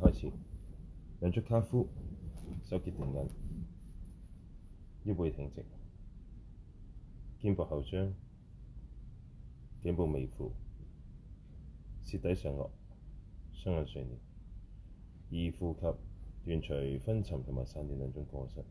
開始，兩足跏趺，手結定印，腰背挺直，肩膊後張，頸部微俯，舌抵上顎，雙眼垂簾，易呼吸、斷除昏沉同埋散亂兩種過失。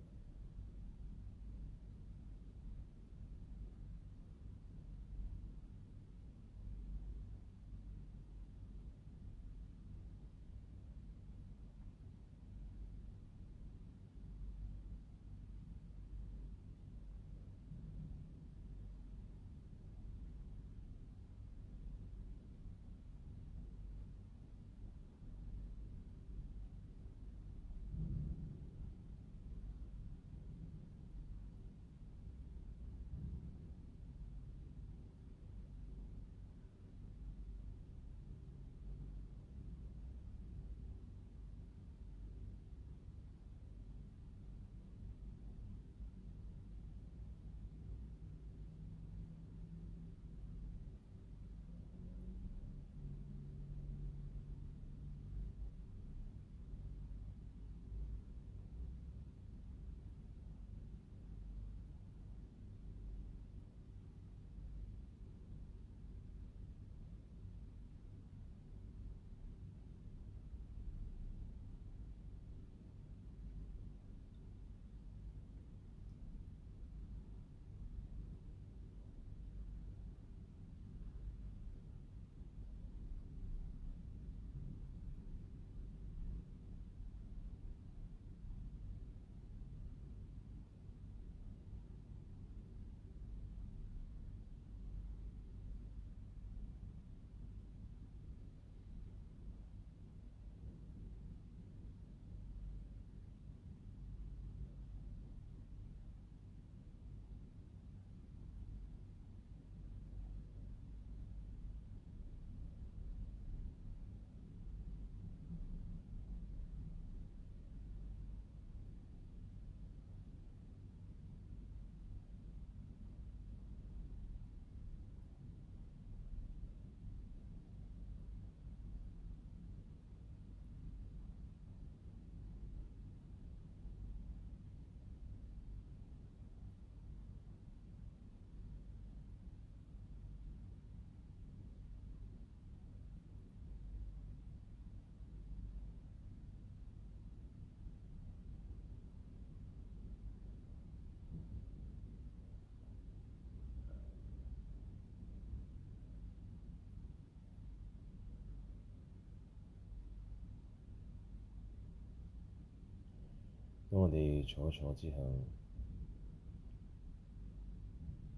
當我哋坐一坐之後，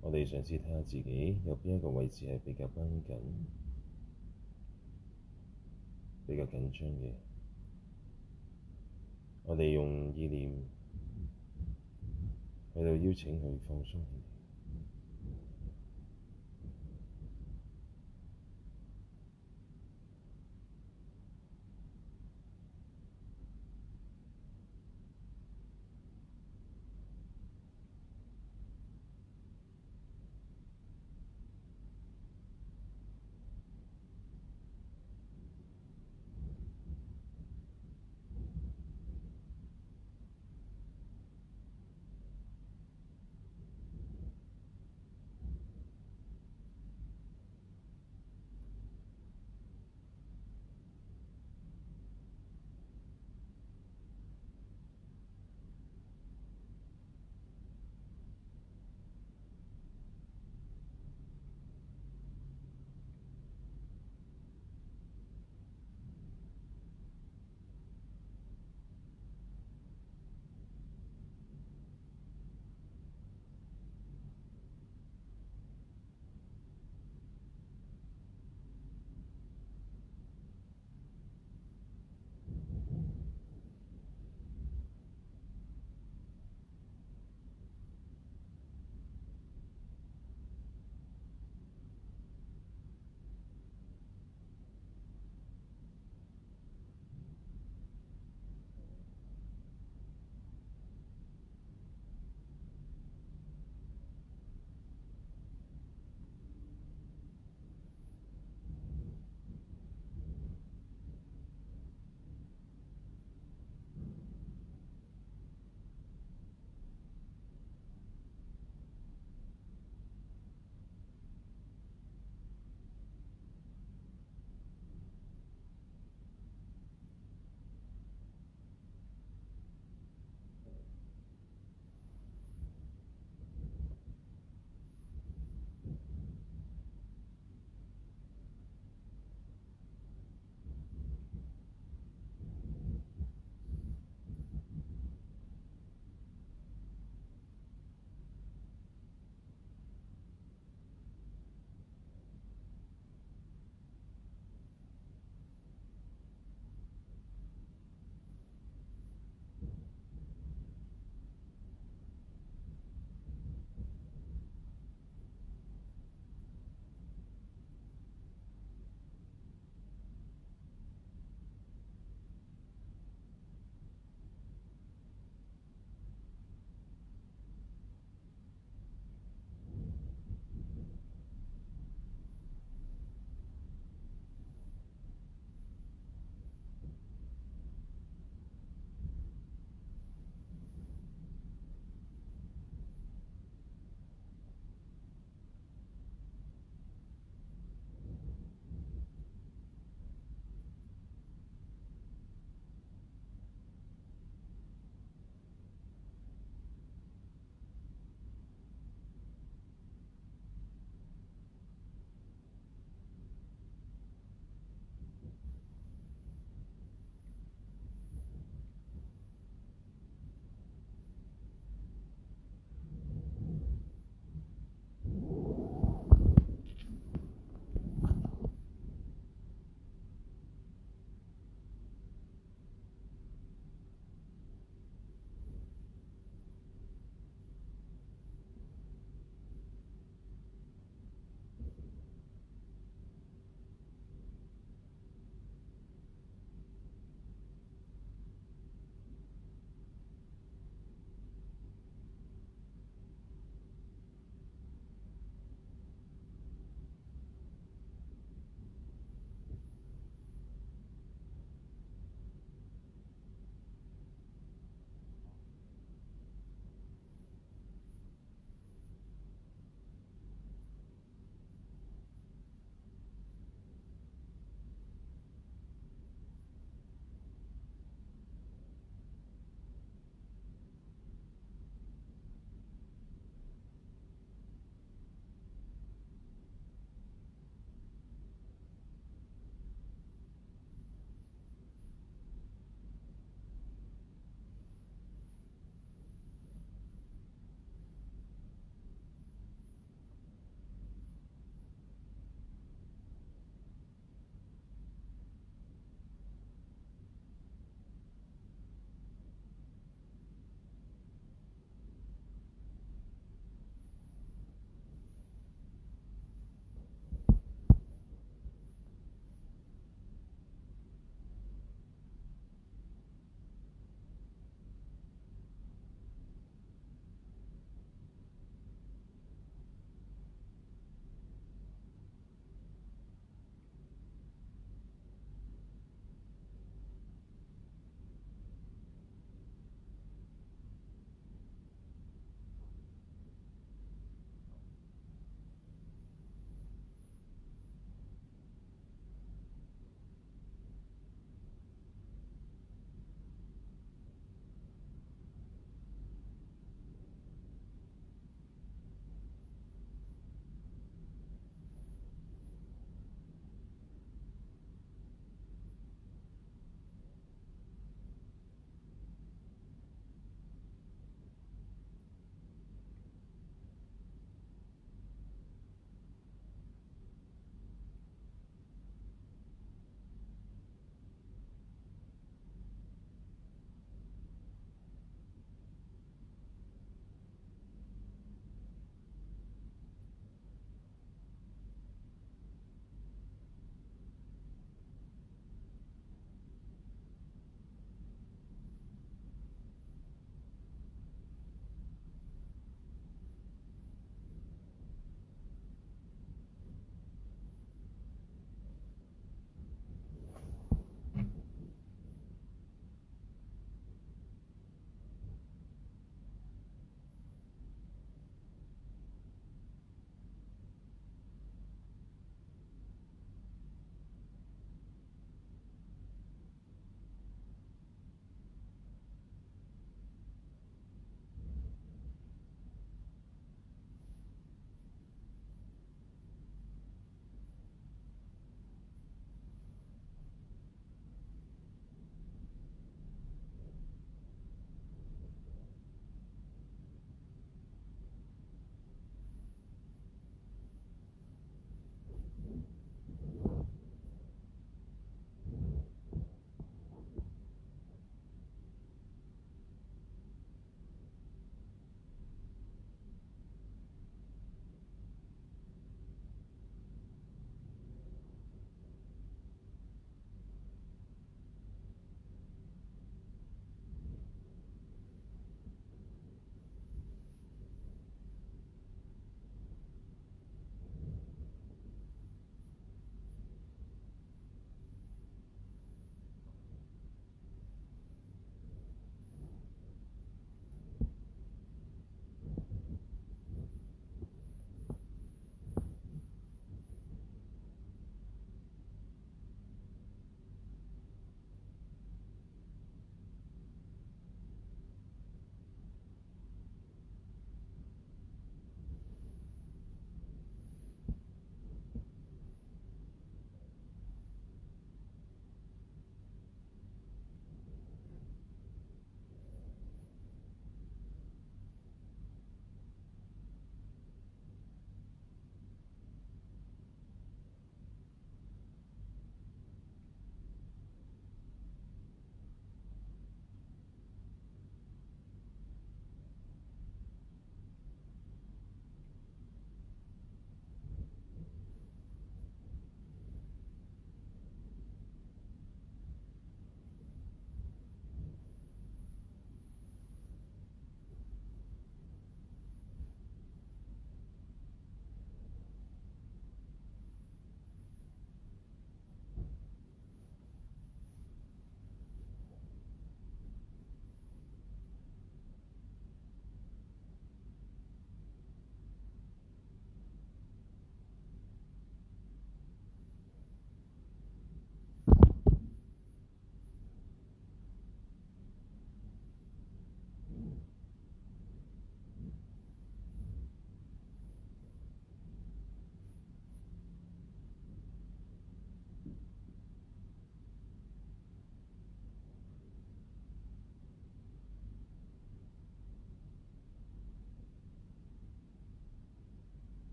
我哋嘗試睇下自己有邊一個位置係比較繃緊、比較緊張嘅。我哋用意念喺度邀請佢放鬆。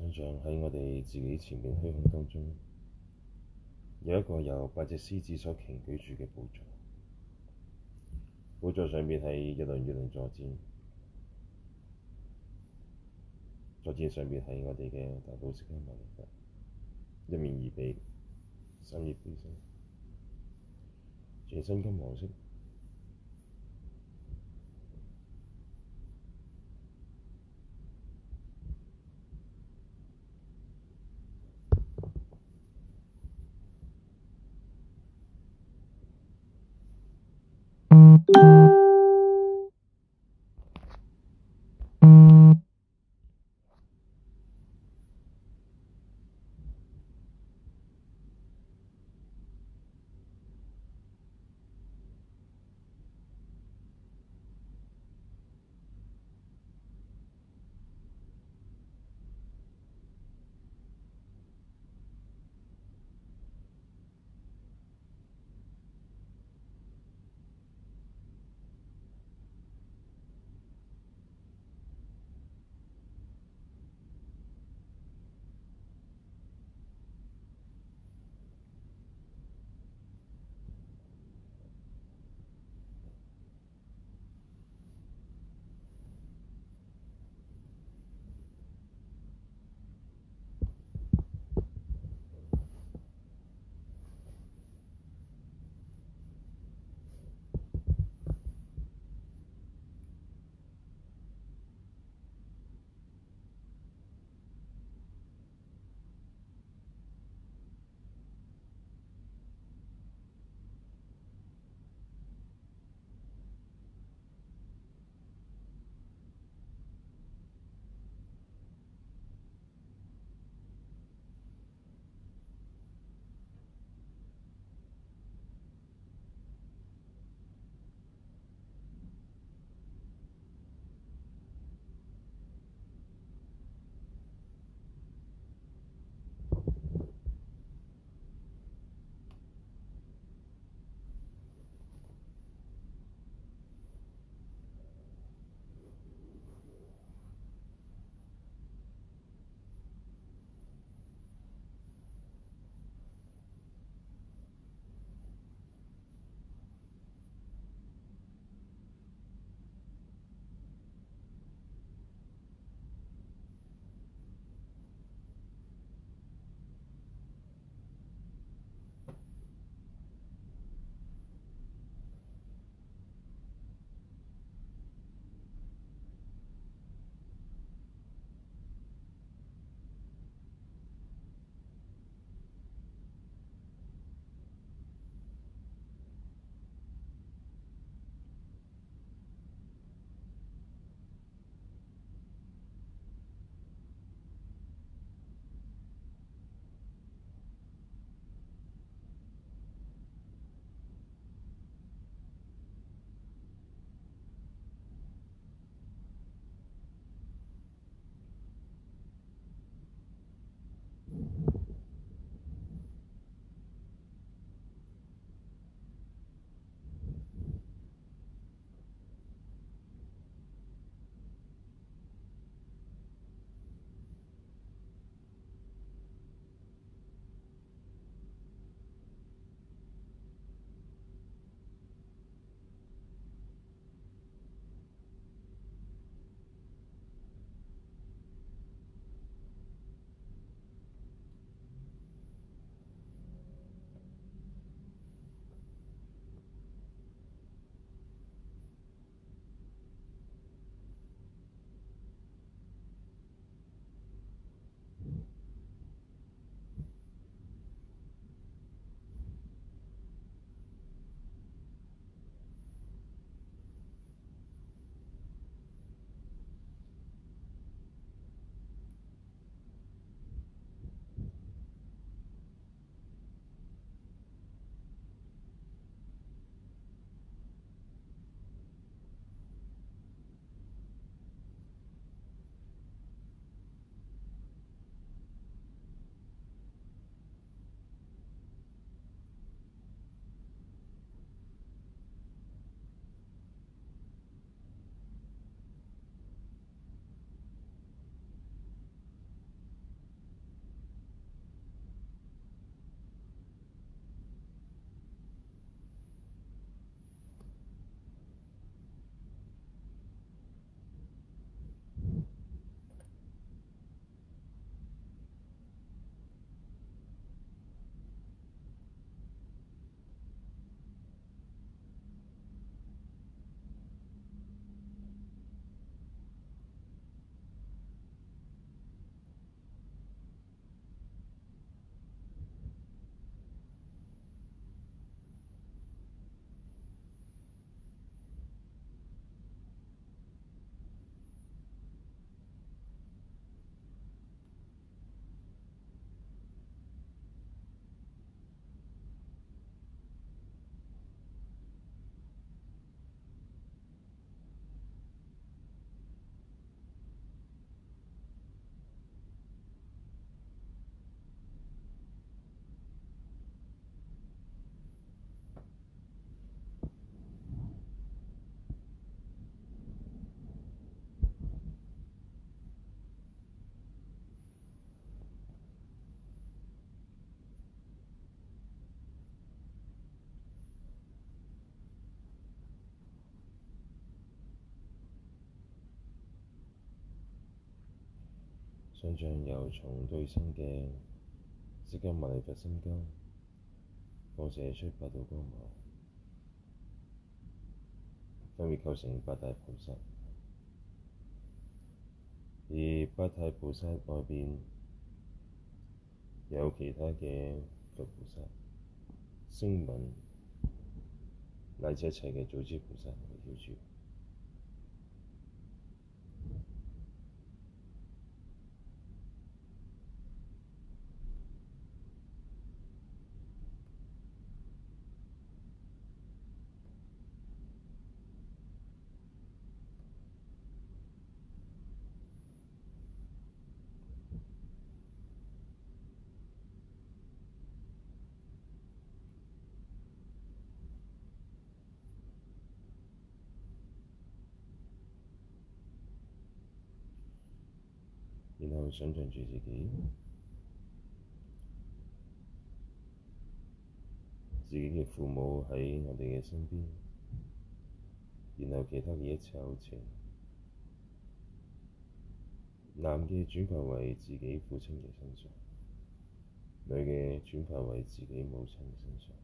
想象喺我哋自己前面虛空當中，有一個由八隻獅子所擎舉住嘅寶座，寶座上面係一輪一輪坐墊，坐墊上面係我哋嘅大寶石金文，一面二臂深夜飛身，全身金黃色。想像由從對身嘅，釋迦牟尼佛心間，放射出八道光芒，分別構成八大菩薩，而八大菩薩外邊，有其他嘅佛菩薩，聲聞乃至一切嘅組織菩薩為主。想象住自己，自己嘅父母喺我哋嘅身邊，然後其他嘅一切有情，男嘅轉化為自己父親嘅身上，女嘅轉化為自己母親嘅身上。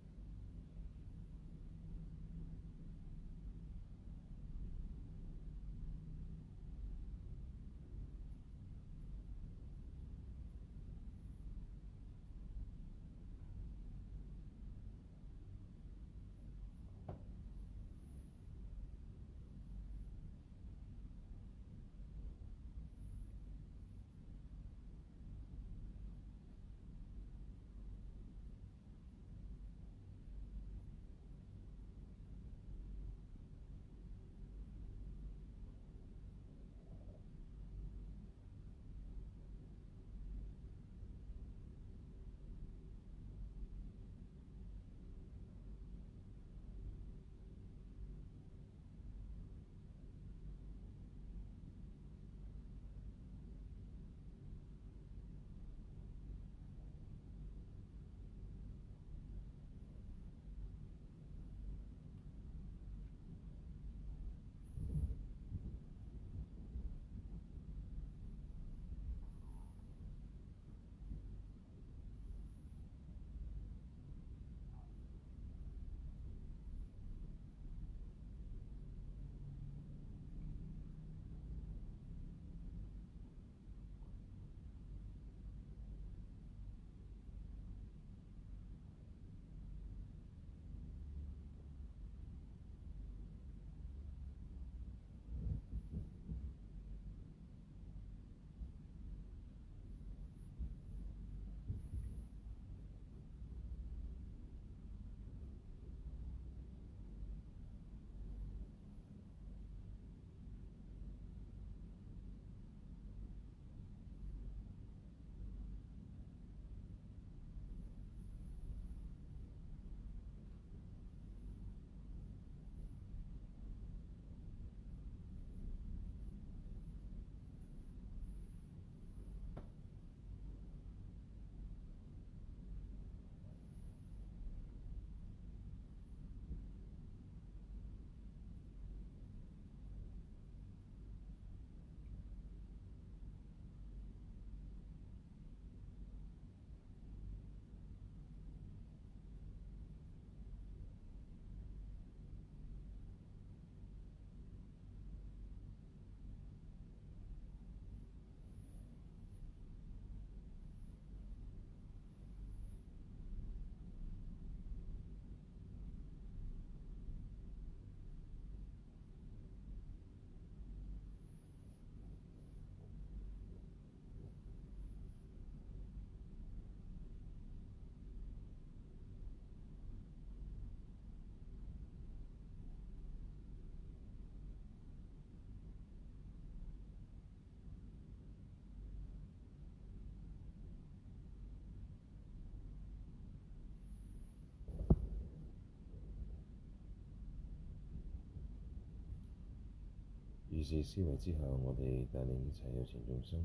自思維之後，我哋帶領一切有情眾生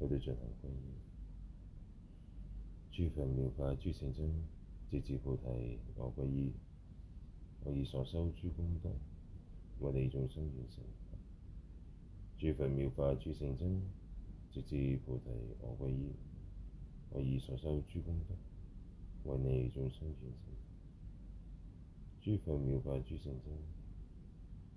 去對進行皈依，諸佛妙法諸聖僧，直至菩提我皈依，我以所修諸功德為你眾生完成；諸佛妙法諸聖僧，直至菩提我皈依，我以所修諸功德為你眾生完成。諸佛妙法諸聖僧。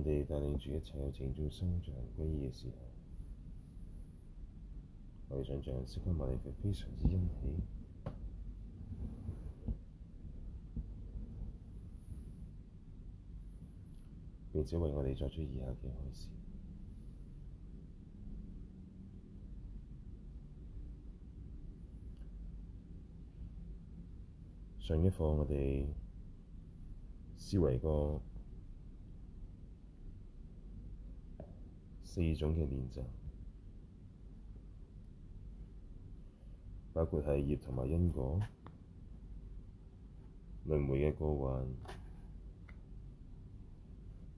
我哋帶領住一切有情眾生長歸依嘅時候，我哋想像釋迦牟尼佛非常之欣喜，並且為我哋作出以下嘅開示。上一課我哋思維過。四種嘅練習，包括係業同埋因果、輪迴嘅過患、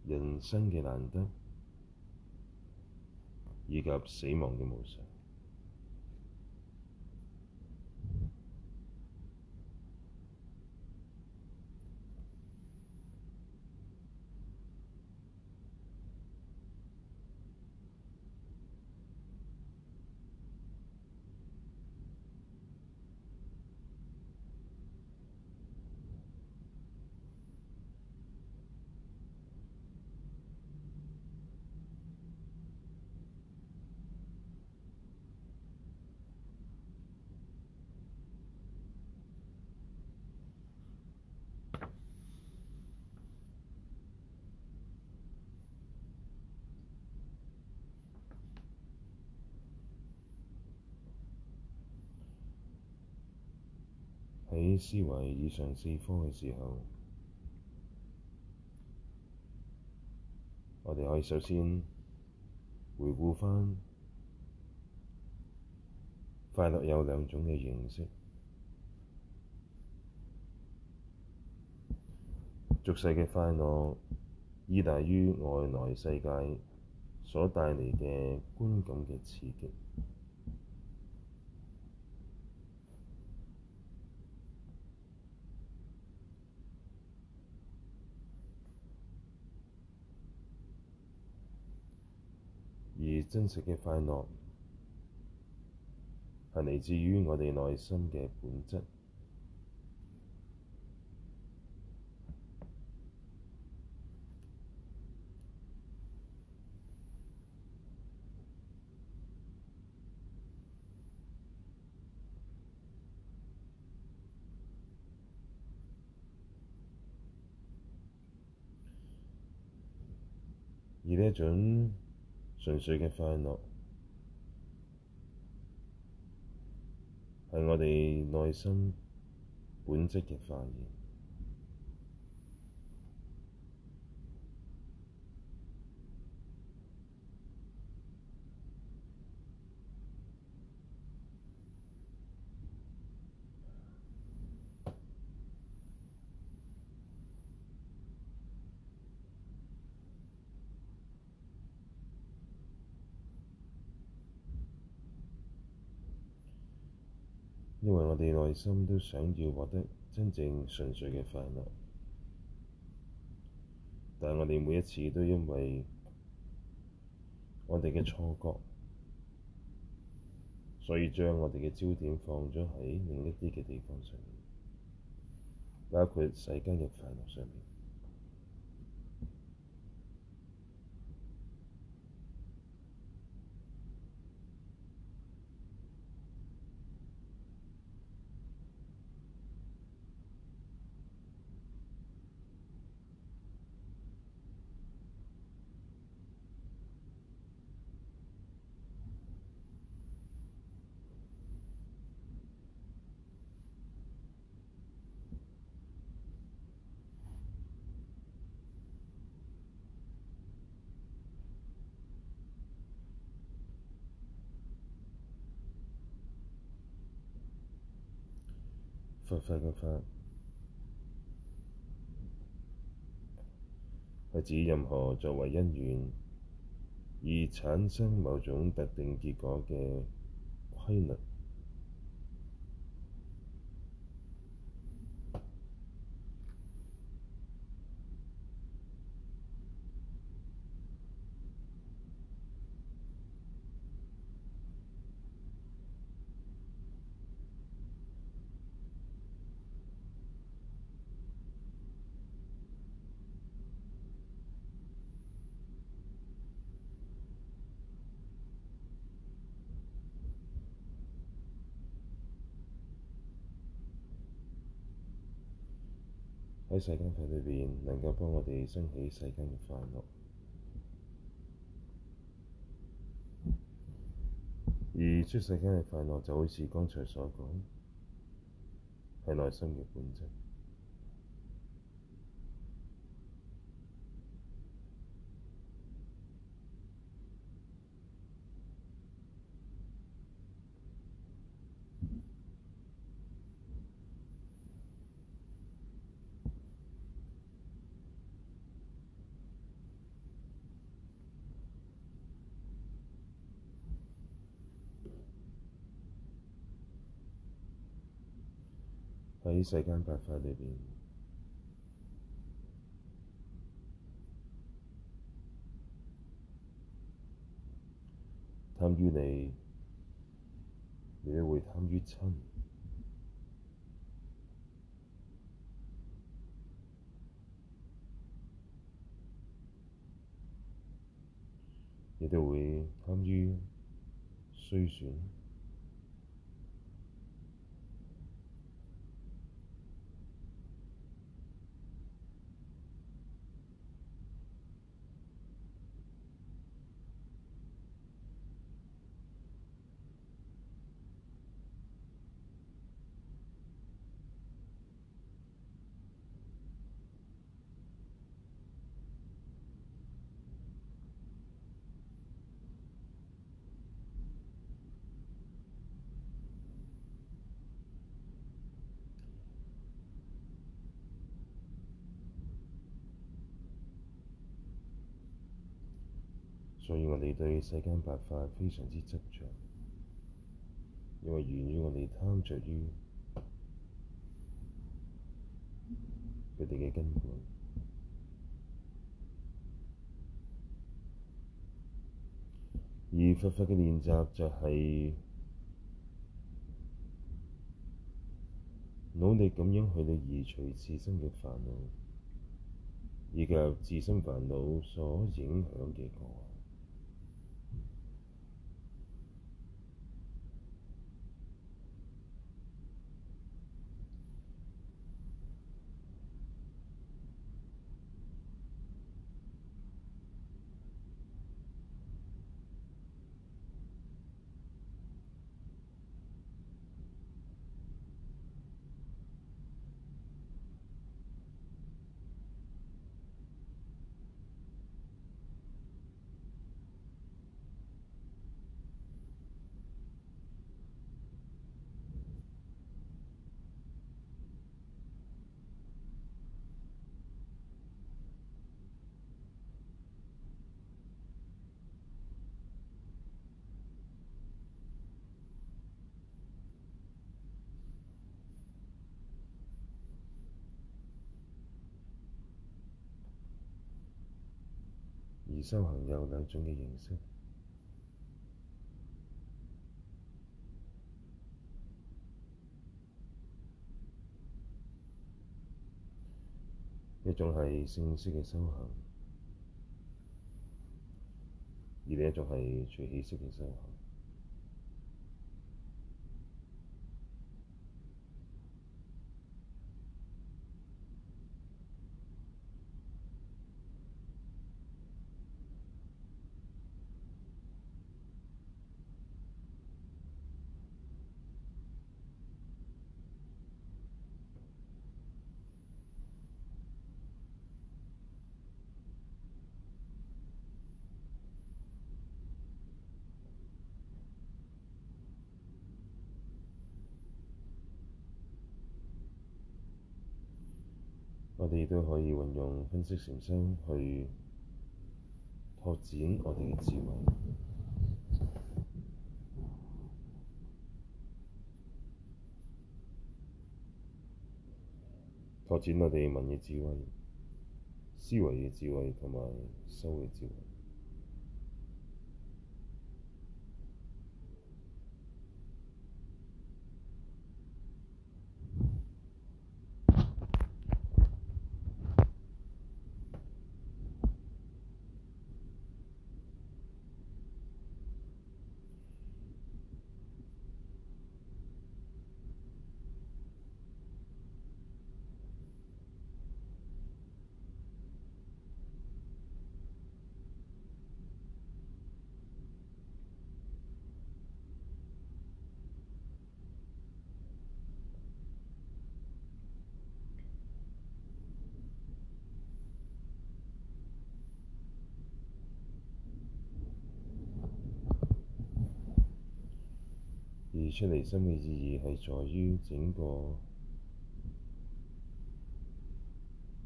人生嘅難得，以及死亡嘅無常。思維以上四科嘅時候，我哋可以首先回顧翻快樂有兩種嘅形式，俗世嘅快樂依賴於外來世界所帶嚟嘅觀感嘅刺激。真實嘅快樂係嚟自於我哋內心嘅本質。而呢種純粹嘅快樂係我哋內心本質嘅快樂。我哋內心都想要獲得真正純粹嘅快樂，但我哋每一次都因為我哋嘅錯覺，所以將我哋嘅焦點放咗喺另一啲嘅地方上面，包括世間嘅快樂上面。佛法嘅法係指任何作為因緣而產生某種特定結果嘅規律。喺世間嘅裏面，能夠幫我哋升起世間嘅快樂，而出世間嘅快樂就好似剛才所講，係內心嘅本質。喺世間百法裏面，貪於你，你都會貪於親；你都會貪於衰損。所以我哋對世間百法非常之執着，因為源於我哋貪著於佢哋嘅根本，而佛法嘅練習就係努力咁樣去到移除自身嘅煩惱，以及自身煩惱所影響嘅過。修行有兩種嘅形式，一種係正式嘅修行，而另一種係隨意式嘅修行。可以運用分析潛能去拓展我哋嘅智慧，拓 展我哋嘅聞嘅智慧、思維嘅智慧同埋修嘅智慧。出離心嘅意義係在於整個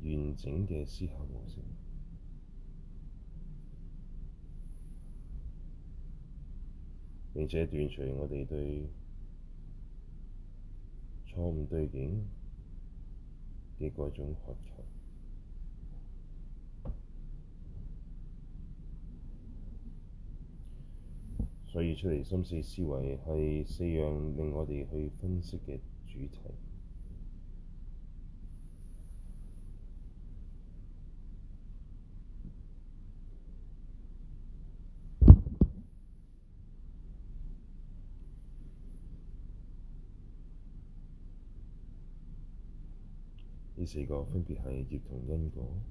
完整嘅思考模式，並且斷除我哋對錯誤對境嘅各種渴求。所以出嚟，心思思維係四樣令我哋去分析嘅主題。呢 四個分別係業同因果、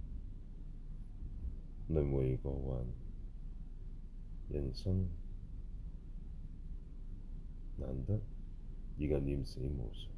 輪迴過患、人生。難得依個念死無數。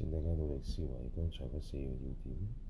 請大家努力思維剛才的四個要點。